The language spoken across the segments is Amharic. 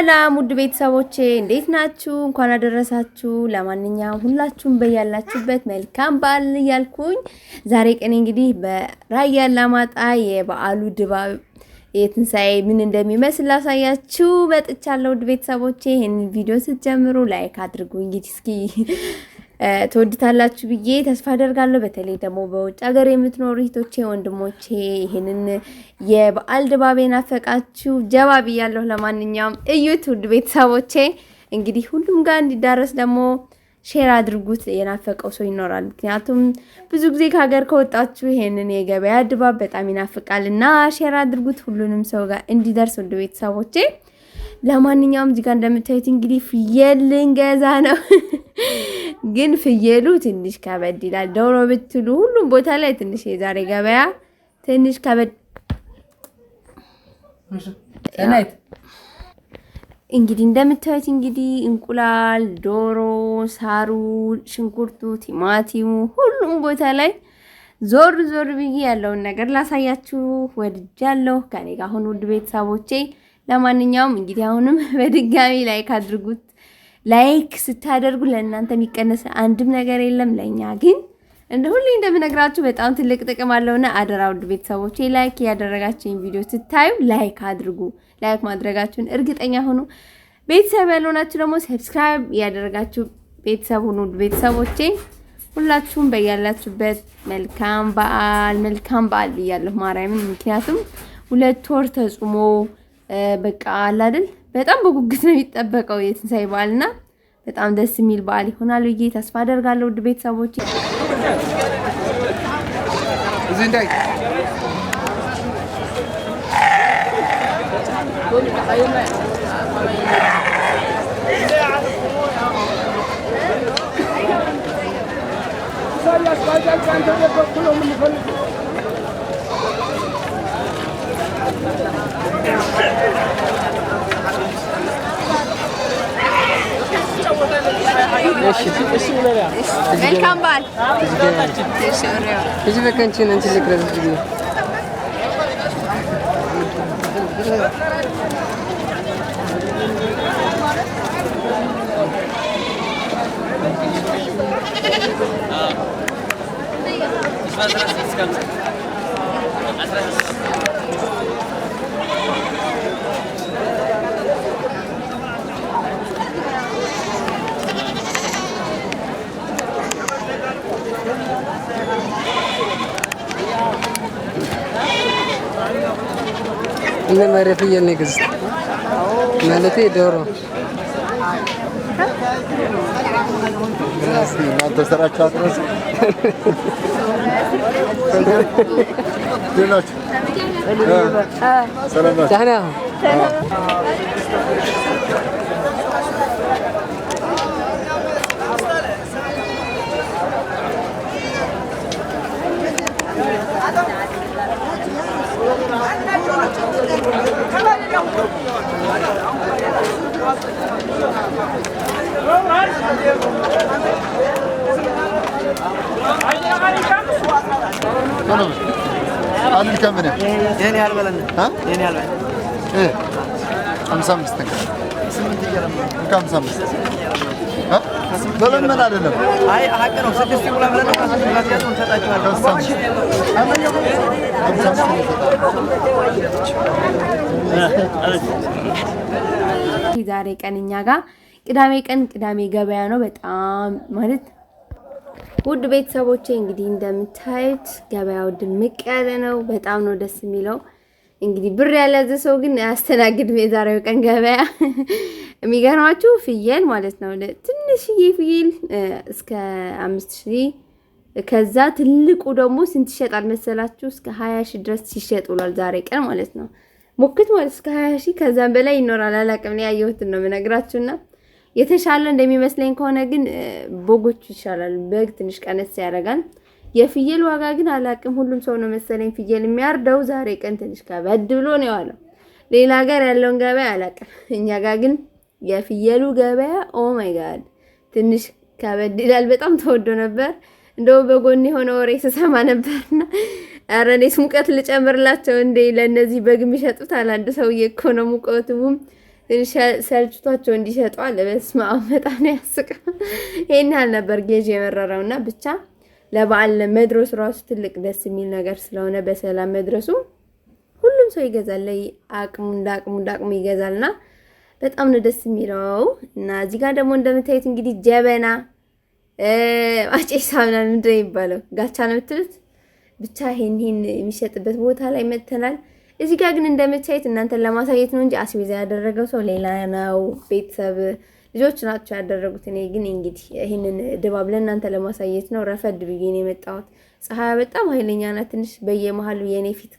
ሰላም ውድ ቤተሰቦቼ እንዴት ናችሁ? እንኳን አደረሳችሁ። ለማንኛውም ሁላችሁም በያላችሁበት መልካም በዓል እያልኩኝ ዛሬ ቀን እንግዲህ በራያ አላማጣ የበዓሉ ድባብ የትንሣኤ ምን እንደሚመስል ላሳያችሁ መጥቻለሁ። ውድ ቤተሰቦቼ ይህን ቪዲዮ ስትጀምሩ ላይክ አድርጉ። እንግዲህ እስኪ ትወድታላችሁ ብዬ ተስፋ አደርጋለሁ። በተለይ ደግሞ በውጭ ሀገር የምትኖሩ እህቶቼ፣ ወንድሞቼ ይህንን የበዓል ድባብ ናፈቃችሁ ጀባ ብያለሁ። ለማንኛውም እዩት ውድ ቤተሰቦቼ እንግዲህ ሁሉም ጋር እንዲዳረስ ደግሞ ሼር አድርጉት። የናፈቀው ሰው ይኖራል። ምክንያቱም ብዙ ጊዜ ከሀገር ከወጣችሁ ይሄንን የገበያ ድባብ በጣም ይናፍቃል እና ሼር አድርጉት ሁሉንም ሰው ጋር እንዲደርስ ውድ ቤተሰቦቼ ለማንኛውም እዚጋ እንደምታዩት እንግዲህ ፍየል ልንገዛ ነው። ግን ፍየሉ ትንሽ ከበድ ይላል። ዶሮ ብትሉ ሁሉም ቦታ ላይ ትንሽ የዛሬ ገበያ ትንሽ ከበድ እንግዲህ እንደምታዩት እንግዲህ እንቁላል፣ ዶሮ፣ ሳሩ፣ ሽንኩርቱ፣ ቲማቲሙ ሁሉም ቦታ ላይ ዞር ዞር ብዬ ያለውን ነገር ላሳያችሁ ወድጃለሁ። ከኔ ጋር አሁን ውድ ቤተሰቦቼ ለማንኛውም እንግዲህ አሁንም በድጋሚ ላይክ አድርጉት። ላይክ ስታደርጉ ለእናንተ የሚቀነስ አንድም ነገር የለም። ለእኛ ግን እንደ ሁሌ እንደምነግራችሁ በጣም ትልቅ ጥቅም አለውና አደራ ውድ ቤተሰቦች ላይክ ያደረጋችሁኝ ቪዲዮ ስታዩ ላይክ አድርጉ። ላይክ ማድረጋችሁን እርግጠኛ ሆኑ። ቤተሰብ ያልሆናችሁ ደግሞ ሰብስክራይብ እያደረጋችሁ ቤተሰብ ሁኑ። ውድ ቤተሰቦቼ ሁላችሁም በያላችሁበት መልካም በዓል መልካም በዓል ብያለሁ ማርያምን። ምክንያቱም ሁለት ወር ተጽሞ በቃ አላደል በጣም በጉጉት ነው የሚጠበቀው የትንሳኤ በዓልና በጣም ደስ የሚል በዓል ይሆናል ብዬ ተስፋ አደርጋለሁ። ውድ ቤተሰቦች እዚህ Welcome back. Teşekkür ederim. Teşekkür ederim. Teşekkür ederim. Ich war dran, ich kann. إنه ما رفيع نجز مالتي دورو ما تسرع شاطرس سلامات آه. سلامات Tamam. Adil kendine. Yeni yer verin. Ha? Yeni yer verin. Evet. Kamsam mısın? Kamsam mısın? Kamsam mısın? በመመን አይደለም። አይ ሀቅ ነው። ስድስት ይሙላ ብለን ነው ዛሬ ቀን እኛ ጋር ቅዳሜ ቀን ቅዳሜ ገበያ ነው። በጣም ማለት ውድ ቤተሰቦቼ እንግዲህ እንደምታዩት ገበያው ድምቅ ያለ ነው። በጣም ነው ደስ የሚለው። እንግዲህ ብር ያለያዘ ሰው ግን አያስተናግድም። የዛሬው ቀን ገበያ የሚገርማችሁ ፍየል ማለት ነው። ትንሽዬ ፍየል እስከ አምስት ሺህ ከዛ ትልቁ ደግሞ ስንት ይሸጣል መሰላችሁ? እስከ ሀያ ሺህ ድረስ ሲሸጥ ውሏል። ዛሬ ቀን ማለት ነው። ሞክት ማለት እስከ ሀያ ሺህ ከዛም በላይ ይኖራል። አላቅም ነው ያየሁትን ነው የምነግራችሁና የተሻለ እንደሚመስለኝ ከሆነ ግን በጎቹ ይሻላል። በግ ትንሽ ቀነስ ያደርጋል። የፍየል ዋጋ ግን አላቅም። ሁሉም ሰው ነው መሰለኝ ፍየል የሚያርደው። ዛሬ ቀን ትንሽ ከበድ ብሎ ነው የዋለው። ሌላ ሀገር ያለውን ገበያ አላቅም። እኛ ጋር ግን የፍየሉ ገበያ ኦ ማይ ጋድ ትንሽ ከበድ ይላል። በጣም ተወዶ ነበር። እንደው በጎን የሆነ ወሬ ስሰማ ነበርና ኧረ እኔስ ሙቀት ልጨምርላቸው እንዴ? ለእነዚህ በግ የሚሸጡት አንድ ሰውዬ እኮ ነው ሙቀቱም ትንሽ ሰልችቷቸው እንዲሸጧል። በስመ አብ በጣም ነው ያስቅ። ይሄን ያህል ነበር ጌዥ የመረረውና ብቻ ለበዓል መድረሱ ራሱ ትልቅ ደስ የሚል ነገር ስለሆነ በሰላም መድረሱ ሁሉም ሰው ይገዛል። ላይ አቅሙ እንደ አቅሙ እንደ አቅሙ ይገዛልና በጣም ነው ደስ የሚለው። እና እዚህ ጋር ደግሞ እንደምታዩት እንግዲህ ጀበና ማጨሻ ሳምና ምንድን ነው የሚባለው ጋቻ ነው የምትሉት ብቻ ይሄን ይሄን የሚሸጥበት ቦታ ላይ መጥተናል። እዚህ ጋር ግን እንደምታዩት እናንተን ለማሳየት ነው እንጂ አስቤዛ ያደረገው ሰው ሌላ ነው ቤተሰብ ልጆች ናቸው ያደረጉት። እኔ ግን እንግዲህ ይህንን ድባብ ለእናንተ ለማሳየት ነው ረፈድ ብዬ የመጣሁት። ፀሐያ በጣም ኃይለኛ ናት። ትንሽ በየመሀሉ የእኔ ፊት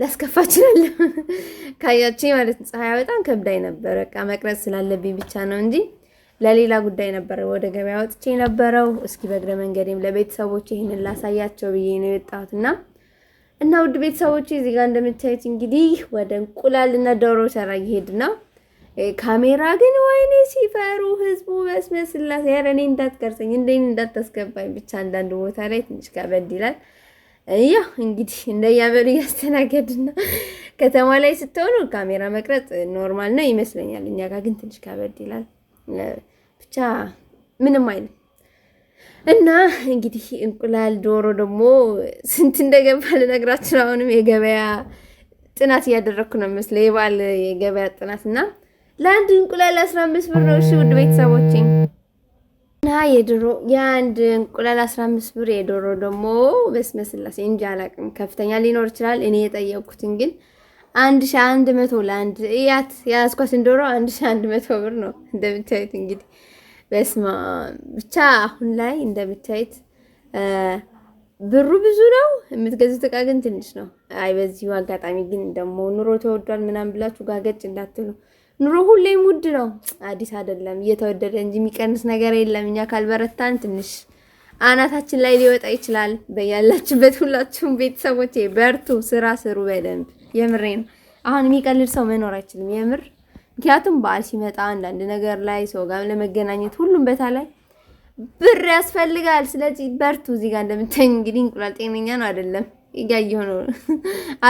ላስከፋ እችላለሁ ካያችኝ ማለት ነው። ፀሐያ በጣም ከብዳይ ነበረ። በቃ መቅረጽ ስላለብኝ ብቻ ነው እንጂ ለሌላ ጉዳይ ነበረ ወደ ገበያ ወጥቼ ነበረው። እስኪ በእግረ መንገዴም ለቤተሰቦች ይህንን ላሳያቸው ብዬ ነው የወጣሁት እና እና ውድ ቤተሰቦች እዚህ ጋር እንደምታዩት እንግዲህ ወደ እንቁላልና ዶሮ ሰራ እየሄድ ነው። ካሜራ ግን ወይኔ ሲፈሩ ህዝቡ በስመ ስላሴ። ኧረ እኔ እንዳትቀርጸኝ እንደ እንዳታስገባኝ ብቻ አንዳንድ ቦታ ላይ ትንሽ ከበድ ይላል። ያ እንግዲህ እንደያበሉ እያስተናገድና ከተማ ላይ ስትሆኑ ካሜራ መቅረጽ ኖርማል ነው ይመስለኛል። እኛ ጋር ግን ትንሽ ከበድ ይላል። ብቻ ምንም አይነት እና እንግዲህ እንቁላል ዶሮ ደግሞ ስንት እንደገባ ልነግራችን አሁንም የገበያ ጥናት እያደረግኩ ነው መስለ የበዓል የገበያ ጥናት እና ለአንድ እንቁላል 15 ብር ነው። እሺ ውድ ቤተሰቦቼ እና የድሮ የአንድ እንቁላል 15 ብር የዶሮ ደግሞ በስመ ስላሴ እንጂ ከፍተኛ ሊኖር ይችላል። እኔ የጠየቅኩትን ግን አንድ ሺህ አንድ መቶ ለአንድ እያት የያዝኳትን ዶሮ አንድ አንድ መቶ ብር ነው እንደምታዩት። እንግዲህ በስማ ብቻ አሁን ላይ እንደምታዩት ብሩ ብዙ ነው። የምትገዙት እቃ ግን ትንሽ ነው። አይ በዚሁ አጋጣሚ ግን ደግሞ ኑሮ ተወዷል ምናምን ብላችሁ ጋገጭ እንዳትሉ ኑሮ ሁሌም ውድ ነው፣ አዲስ አይደለም። እየተወደደ እንጂ የሚቀንስ ነገር የለም። እኛ ካልበረታን ትንሽ አናታችን ላይ ሊወጣ ይችላል። በያላችሁበት ሁላችሁም ቤተሰቦቼ በርቱ፣ ስራ ስሩ በደንብ። የምሬ ነው። አሁን የሚቀልድ ሰው መኖር አይችልም። የምር ምክንያቱም በዓል ሲመጣ አንዳንድ ነገር ላይ ሰው ጋር ለመገናኘት ሁሉም በታ ላይ ብር ያስፈልጋል። ስለዚህ በርቱ። እዚህ ጋር እንደምታኝ እንግዲህ እንቁላል ጤነኛ ነው አይደለም? እያየሁ ነው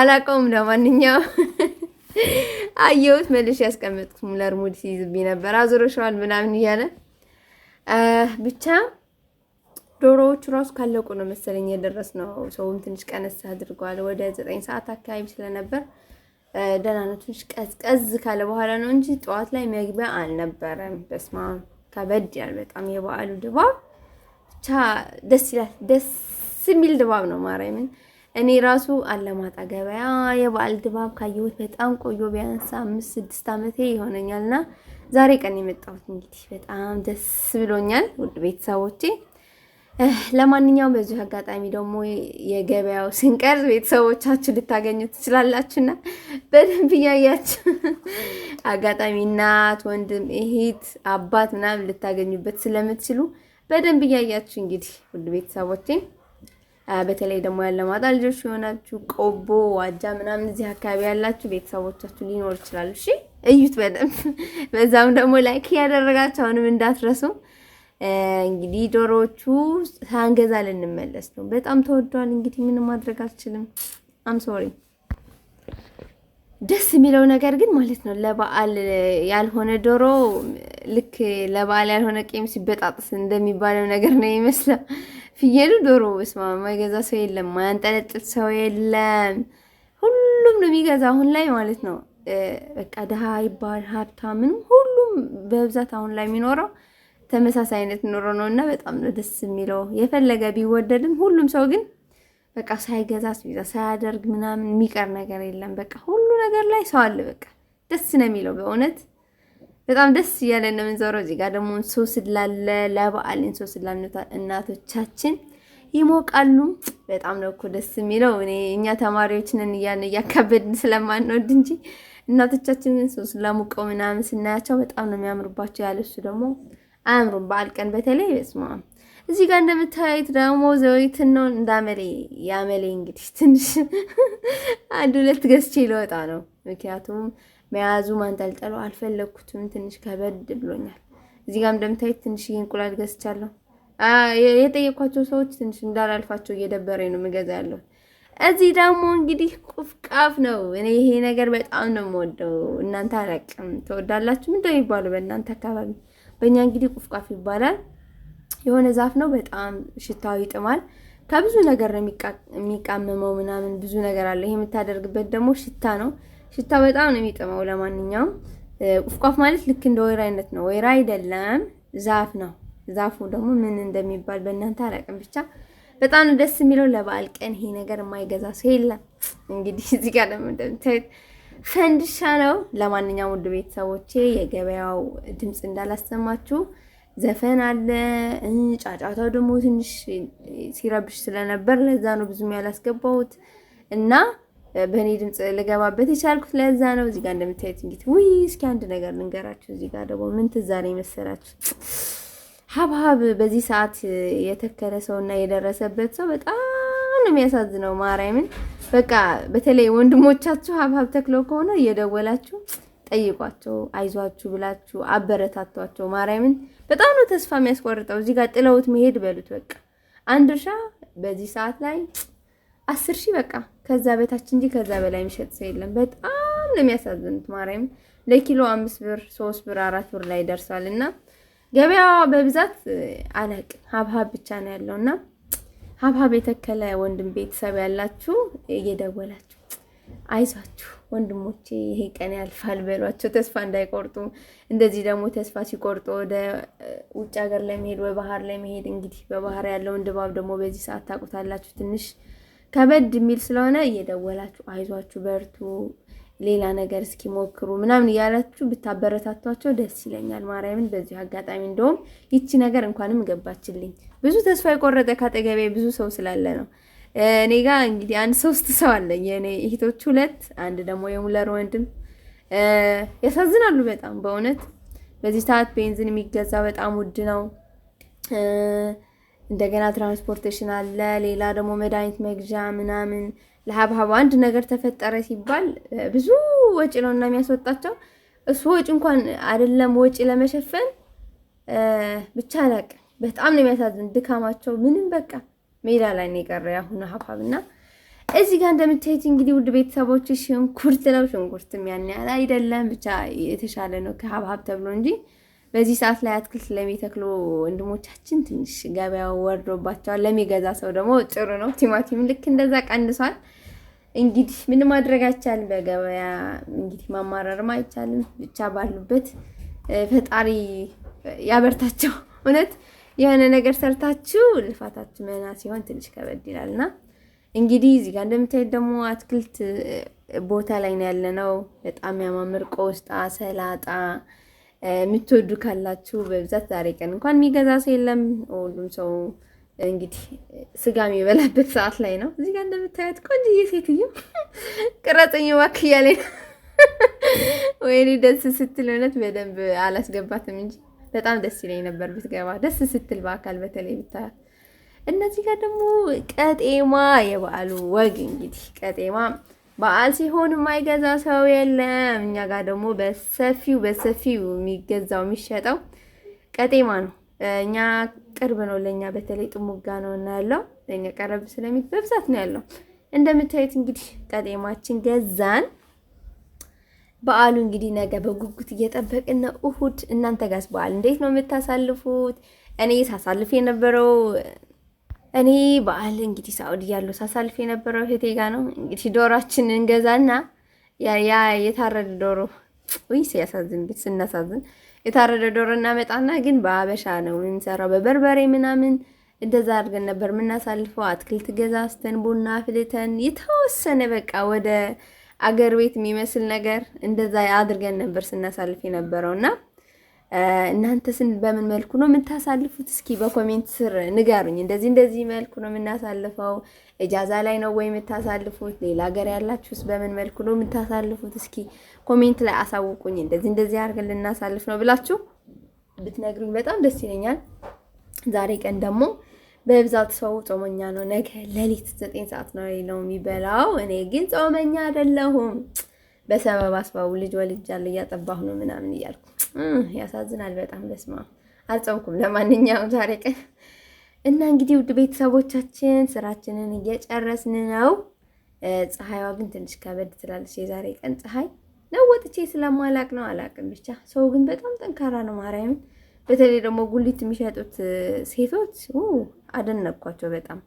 አላውቀውም። ለማንኛውም አየሁት መልሼ ያስቀመጥኩት ሙለር ሙድ ሲይዝብኝ ነበር። አዞረሻዋል ምናምን እያለ ብቻ ዶሮዎቹ ራሱ ካለቁ ነው መሰለኝ የደረስ ነው። ሰውም ትንሽ ቀነስ አድርጓል። ወደ ዘጠኝ ሰዓት አካባቢ ስለነበር ደህና ነው። ትንሽ ቀዝቀዝ ካለ በኋላ ነው እንጂ ጠዋት ላይ መግቢያ አልነበረም። በስማ ከበድ ያል በጣም የበዓሉ ድባብ ብቻ ደስ ይላል። ደስ የሚል ድባብ ነው ማርያምን እኔ ራሱ አለማጣ ገበያ የበዓል ድባብ ካየሁት በጣም ቆዮ ቢያንስ አምስት ስድስት ዓመቴ ይሆነኛል እና ዛሬ ቀን የመጣሁት እንግዲህ በጣም ደስ ብሎኛል ውድ ቤተሰቦቼ። ለማንኛውም በዚሁ አጋጣሚ ደግሞ የገበያው ስንቀርጽ ቤተሰቦቻችሁ ልታገኙ ትችላላችሁና በደንብ እያያችሁ አጋጣሚ እናት፣ ወንድም፣ እህት፣ አባት ምናምን ልታገኙበት ስለምትችሉ በደንብ እያያችሁ እንግዲህ ውድ ቤተሰቦቼ በተለይ ደግሞ ያለማጣ ልጆች የሆናችሁ ቆቦ፣ ዋጃ ምናምን እዚህ አካባቢ ያላችሁ ቤተሰቦቻችሁ ሊኖር ይችላሉ። እሺ እዩት በደንብ በዛም ደግሞ ላይክ ያደረጋችሁ አሁንም እንዳትረሱ። እንግዲህ ዶሮዎቹ ሳንገዛ ልንመለስ ነው። በጣም ተወዷል። እንግዲህ ምንም ማድረግ አልችልም። አም ሶሪ። ደስ የሚለው ነገር ግን ማለት ነው ለበዓል ያልሆነ ዶሮ ልክ ለበዓል ያልሆነ ቄም ሲበጣጥስ እንደሚባለው ነገር ነው ይመስላል። ፍየሉ ዶሮ በስማ የማይገዛ ሰው የለም፣ ማያንጠለጥል ሰው የለም። ሁሉም ነው የሚገዛ አሁን ላይ ማለት ነው። በቃ ድሃ ይባል ሀብታምን፣ ሁሉም በብዛት አሁን ላይ የሚኖረው ተመሳሳይ አይነት ኑሮ ነው እና በጣም ነው ደስ የሚለው። የፈለገ ቢወደድም ሁሉም ሰው ግን በቃ ሳይገዛ ስቢዛ ሳያደርግ ምናምን የሚቀር ነገር የለም። በቃ ሁሉ ነገር ላይ ሰው አለ። በቃ ደስ ነው የሚለው በእውነት በጣም ደስ እያለ ነው የምንዞረው። እዚህ ጋር ደግሞ ሰው ስላለ ለበዓል ሰው ስላለ እናቶቻችን ይሞቃሉ። በጣም ነው እኮ ደስ የሚለው። እኔ እኛ ተማሪዎች ነን እያልን እያካበድን ስለማንወድ እንጂ እናቶቻችንን ሶስ ለሙቀው ምናምን ስናያቸው በጣም ነው የሚያምርባቸው። ያለሱ ደግሞ አያምሩም። በዓል ቀን በተለይ በስማ እዚህ ጋር እንደምታዩት ደግሞ ዘዊትን ነው እንዳመሌ ያመሌ እንግዲህ ትንሽ አንድ ሁለት ገዝቼ ልወጣ ነው ምክንያቱም መያዙ ማንጠልጠሉ አልፈለግኩትም። ትንሽ ከበድ ብሎኛል። እዚህ ጋር እንደምታዩት ትንሽዬ እንቁላል ገዝቻለሁ። የጠየኳቸው ሰዎች ትንሽ እንዳላልፋቸው እየደበረኝ ነው የምገዛ ያለው። እዚህ ደግሞ እንግዲህ ቁፍቃፍ ነው። እኔ ይሄ ነገር በጣም ነው የምወደው። እናንተ አላቅም ትወዳላችሁ? ምንድነው ይባሉ በእናንተ አካባቢ? በእኛ እንግዲህ ቁፍቃፍ ይባላል። የሆነ ዛፍ ነው። በጣም ሽታው ይጥማል። ከብዙ ነገር ነው የሚቃመመው ምናምን ብዙ ነገር አለ። ይሄ የምታደርግበት ደግሞ ሽታ ነው። ሽታ በጣም ነው የሚጥመው። ለማንኛውም ቁፍቋፍ ማለት ልክ እንደ ወይራ አይነት ነው። ወይራ አይደለም ዛፍ ነው። ዛፉ ደግሞ ምን እንደሚባል በእናንተ አላውቅም። ብቻ በጣም ነው ደስ የሚለው። ለበዓል ቀን ይሄ ነገር የማይገዛ ሰው የለም። እንግዲህ እዚህ ጋር ደግሞ እንደምታዩት ፈንድሻ ነው። ለማንኛውም ውድ ቤተሰቦቼ የገበያው ድምፅ እንዳላሰማችሁ ዘፈን አለ። ጫጫታው ደግሞ ትንሽ ሲረብሽ ስለነበር ለዛ ነው ብዙም ያላስገባሁት እና በእኔ ድምፅ ልገባበት የቻልኩት ለዛ ነው። እዚጋ እንደምታየት እንግዲህ ውይ፣ እስኪ አንድ ነገር ልንገራችሁ። እዚጋ ደግሞ ምን ትዝ አለኝ መሰላችሁ? ሀብሀብ በዚህ ሰዓት የተከለ ሰው እና የደረሰበት ሰው በጣም ነው የሚያሳዝነው። ማርያምን በቃ በተለይ ወንድሞቻችሁ ሀብሀብ ተክለው ከሆነ እየደወላችሁ ጠይቋቸው፣ አይዟችሁ ብላችሁ አበረታቷቸው። ማርያምን በጣም ነው ተስፋ የሚያስቆርጠው። እዚህ ጋር ጥለውት መሄድ በሉት በቃ አንድ እርሻ በዚህ ሰዓት ላይ አስር ሺህ በቃ ከዛ በታች እንጂ ከዛ በላይ የሚሸጥ ሰው የለም። በጣም ነው የሚያሳዝኑት። ማርያም ለኪሎ አምስት ብር ሶስት ብር አራት ብር ላይ ደርሷል። እና ገበያዋ በብዛት አለቅ ሀብሀብ ብቻ ነው ያለው። እና ሀብሀብ የተከለ ወንድም ቤተሰብ ያላችሁ እየደወላችሁ አይዟችሁ ወንድሞቼ ይሄ ቀን ያልፋል በሏቸው፣ ተስፋ እንዳይቆርጡ። እንደዚህ ደግሞ ተስፋ ሲቆርጡ ወደ ውጭ ሀገር ለመሄድ ባህር ለመሄድ እንግዲህ በባህር ያለውን ድባብ ደግሞ በዚህ ሰዓት ታውቁታላችሁ ትንሽ ከበድ የሚል ስለሆነ እየደወላችሁ አይዟችሁ በርቱ፣ ሌላ ነገር እስኪሞክሩ ምናምን እያላችሁ ብታበረታቷቸው ደስ ይለኛል። ማርያምን በዚሁ አጋጣሚ እንደውም ይቺ ነገር እንኳንም ገባችልኝ። ብዙ ተስፋ የቆረጠ ካጠገቤ ብዙ ሰው ስላለ ነው። እኔ ጋ እንግዲህ አንድ ሶስት ሰው አለኝ፣ የእኔ እህቶች ሁለት፣ አንድ ደግሞ የሙለር ወንድም። ያሳዝናሉ በጣም በእውነት በዚህ ሰዓት ቤንዚን የሚገዛ በጣም ውድ ነው። እንደገና ትራንስፖርቴሽን አለ፣ ሌላ ደግሞ መድኃኒት መግዣ ምናምን። ለሀብሀቡ አንድ ነገር ተፈጠረ ሲባል ብዙ ወጪ ነው እና የሚያስወጣቸው እሱ ወጪ እንኳን አይደለም ወጪ ለመሸፈን ብቻ ላቅ በጣም ነው የሚያሳዝን ድካማቸው ምንም በቃ ሜዳ ላይ ነው የቀረ ያሁኑ ሀብሀብ እና እዚህ ጋር እንደምታዩት እንግዲህ ውድ ቤተሰቦች ሽንኩርት ነው። ሽንኩርትም ያን ያህል አይደለም ብቻ የተሻለ ነው ከሀብሀብ ተብሎ እንጂ በዚህ ሰዓት ላይ አትክልት ለሚተክሉ ወንድሞቻችን ትንሽ ገበያው ወርዶባቸዋል። ለሚገዛ ሰው ደግሞ ጥሩ ነው። ቲማቲም ልክ እንደዛ ቀንሷል። እንግዲህ ምን ማድረግ አይቻልም። በገበያ እንግዲህ ማማረርም አይቻልም። ብቻ ባሉበት ፈጣሪ ያበርታቸው። እውነት የሆነ ነገር ሰርታችሁ ልፋታችሁ መና ሲሆን ትንሽ ከበድ ይላል እና እንግዲህ እዚህ ጋር እንደምታዩት ደግሞ አትክልት ቦታ ላይ ነው ያለነው። በጣም ያማምር ቆስጣ፣ ሰላጣ የምትወዱ ካላችሁ በብዛት ዛሬ ቀን እንኳን የሚገዛ ሰው የለም። ሁሉም ሰው እንግዲህ ስጋ የሚበላበት ሰዓት ላይ ነው። እዚህ ጋር እንደምታያት ቆንጆዬ ሴትዮ ቅረጸኝ እባክህ እያለ ወይኔ ደስ ስትል እውነት በደንብ አላስገባትም እንጂ በጣም ደስ ይለኝ ነበር ብትገባ፣ ደስ ስትል በአካል በተለይ ብታያት። እነዚህ ጋር ደግሞ ቀጤማ የበዓሉ ወግ እንግዲህ ቀጤማ በዓል ሲሆን የማይገዛ ሰው የለም። እኛ ጋር ደግሞ በሰፊው በሰፊው የሚገዛው የሚሸጠው ቀጤማ ነው። እኛ ቅርብ ነው ለእኛ በተለይ ጥሙጋ ነው እና ያለው ለእኛ ቀረብ ስለሚል በብዛት ነው ያለው። እንደምታዩት እንግዲህ ቀጤማችን ገዛን። በዓሉ እንግዲህ ነገ በጉጉት እየጠበቅን ነው። እሁድ እናንተ ጋስ በዓል እንዴት ነው የምታሳልፉት? እኔ ሳሳልፍ የነበረው እኔ በዓል እንግዲህ ሳውዲ ያለው ሳሳልፍ የነበረው እህቴ ጋ ነው። እንግዲህ ዶሯችን እንገዛና ያ የታረደ ዶሮ ውይ ሲያሳዝን፣ ግን ስናሳዝን የታረደ ዶሮ እናመጣና ግን በአበሻ ነው የምንሰራው በበርበሬ ምናምን እንደዛ አድርገን ነበር የምናሳልፈው። አትክልት ገዛዝተን ቡና አፍልተን የተወሰነ በቃ ወደ አገር ቤት የሚመስል ነገር እንደዛ አድርገን ነበር ስናሳልፍ የነበረው እና እናንተስ በምን መልኩ ነው የምታሳልፉት? እስኪ በኮሜንት ስር ንገሩኝ። እንደዚህ እንደዚህ መልኩ ነው የምናሳልፈው፣ እጃዛ ላይ ነው ወይ የምታሳልፉት? ሌላ ሀገር ያላችሁስ በምን መልኩ ነው የምታሳልፉት? እስኪ ኮሜንት ላይ አሳውቁኝ። እንደዚህ እንደዚህ አድርገን ልናሳልፍ ነው ብላችሁ ብትነግሩኝ በጣም ደስ ይለኛል። ዛሬ ቀን ደግሞ በብዛት ሰው ጾመኛ ነው። ነገ ሌሊት ዘጠኝ ሰዓት ነው የሚበላው። እኔ ግን ጾመኛ አይደለሁም። በሰበብ አስባቡ ልጅ ወልጃለሁ እያጠባሁ ነው ምናምን እያልኩ ያሳዝናል በጣም በስማ አልጸውኩም። ለማንኛውም ዛሬ ቀን እና እንግዲህ ውድ ቤተሰቦቻችን ስራችንን እየጨረስን ነው። ፀሐይዋ ግን ትንሽ ከበድ ትላለች። የዛሬ ቀን ፀሐይ ነው ወጥቼ ስለማላቅ ነው አላቅም። ብቻ ሰው ግን በጣም ጠንካራ ነው። ማርያምን በተለይ ደግሞ ጉሊት የሚሸጡት ሴቶች አደነቅኳቸው በጣም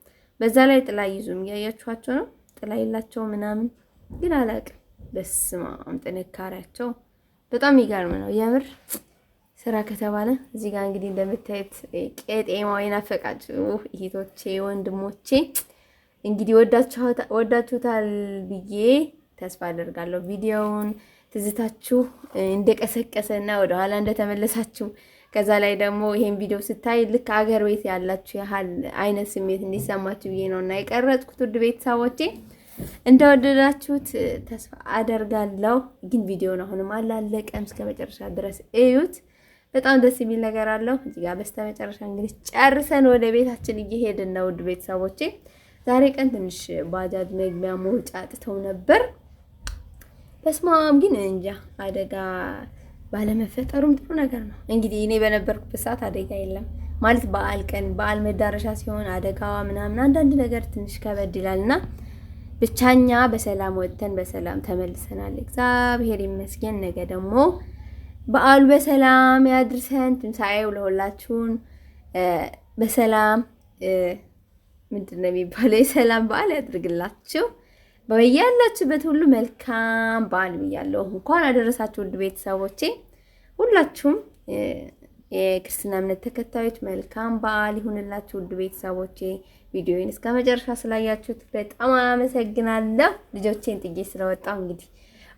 በዛ ላይ ጥላ ይዙም እያያችኋቸው ነው ጥላ የላቸው ምናምን ግን አላቅም በስማም ጥንካሬያቸው በጣም ይገርም ነው የምር ስራ ከተባለ እዚህ ጋር እንግዲህ እንደምታየት ቄጤማ ይናፈቃጭ እህቶቼ፣ ወንድሞቼ እንግዲህ ወዳችሁታል ብዬ ተስፋ አደርጋለሁ። ቪዲዮውን ትዝታችሁ እንደቀሰቀሰ እና ወደኋላ እንደተመለሳችሁ ከዛ ላይ ደግሞ ይሄን ቪዲዮ ስታይ ልክ አገር ቤት ያላችሁ ያህል አይነት ስሜት እንዲሰማችሁ ብዬ ነው እና የቀረጽኩት ውድ ቤተሰቦቼ እንደወደዳችሁት ተስፋ አደርጋለሁ። ግን ቪዲዮውን አሁንም አላለቀም፣ እስከ መጨረሻ ድረስ እዩት። በጣም ደስ የሚል ነገር አለው። እዚጋ በስተ መጨረሻ እንግዲህ ጨርሰን ወደ ቤታችን እየሄድን ነው። ውድ ቤተሰቦቼ ዛሬ ቀን ትንሽ ባጃጅ መግቢያ መውጫ አጥተው ነበር። በስማም ግን እንጃ አደጋ ባለመፈጠሩም ጥሩ ነገር ነው። እንግዲህ እኔ በነበርኩበት ሰዓት አደጋ የለም ማለት በዓል ቀን በዓል መዳረሻ ሲሆን አደጋዋ ምናምን አንዳንድ ነገር ትንሽ ከበድ ይላልና ብቻኛ በሰላም ወጥተን በሰላም ተመልሰናል። እግዚአብሔር ይመስገን። ነገ ደግሞ በዓሉ በሰላም ያድርሰን። ትንሣኤው ለሁላችሁን በሰላም ምንድን ነው የሚባለው? የሰላም በዓል ያድርግላችሁ። በያላችሁበት ሁሉ መልካም በዓል ብያለሁ። እንኳን አደረሳችሁ ውድ ቤተሰቦቼ ሁላችሁም የክርስትና እምነት ተከታዮች መልካም በዓል ይሁንላችሁ። ውድ ቤተሰቦቼ ቪዲዮውን እስከ መጨረሻ ስላያችሁት በጣም አመሰግናለሁ። ልጆቼን ጥዬ ስለወጣሁ እንግዲህ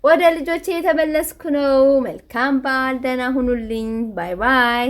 ወደ ልጆቼ የተመለስኩ ነው። መልካም በዓል፣ ደህና ሁኑልኝ። ባይ ባይ